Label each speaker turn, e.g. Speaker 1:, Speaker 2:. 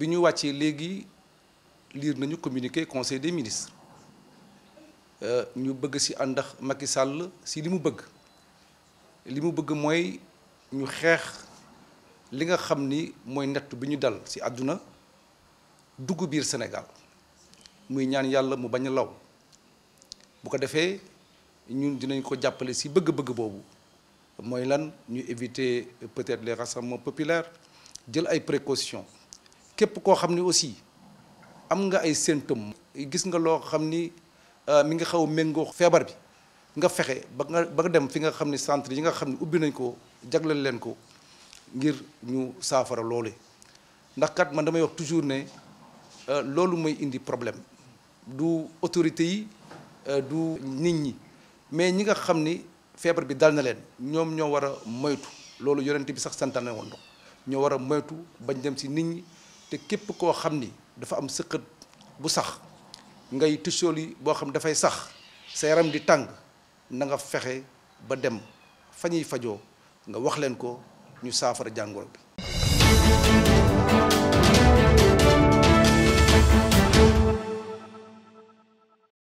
Speaker 1: bi ñu wàccee léegi communiqué conseil des ministres euh, ñu bëgg ci andax Macky Sall si limu bëgg limu bëgg moy ñu li nga Sénégal muy ñaan Yalla mu bañ law bu ko défé ñun dinañ ko bëgg-bëgg éviter peut-être les rassemblements populaires jël ay précautions képp koo xam ni aussi am nga ay symptômes gis nga loo xam ni euh, mi nga xaw a méngoo feebar bi nga fexe ba nga ba nga dem fi nga xam ni centre yi nga xam ni ubbi nañ ko jagleel leen ko ngir ñu saafara loole ndax kat man damay wax toujours ne euh, loolu mooy indi problème du autorité yi euh, du nit ñi mais ñi nga xam ni feebar bi dal na leen ñoom ñoo war a moytu loolu yonent bi sax santaane woon ñoo war a moytu bañ dem si nit ñi te képp koo xam ni dafa am sëqët bu sax ngay tissool boo xam dafay sax sa yaram di tàng nanga fexe ba dem fa ñuy fajoo nga wax leen ko ñu saafara jàngoro bi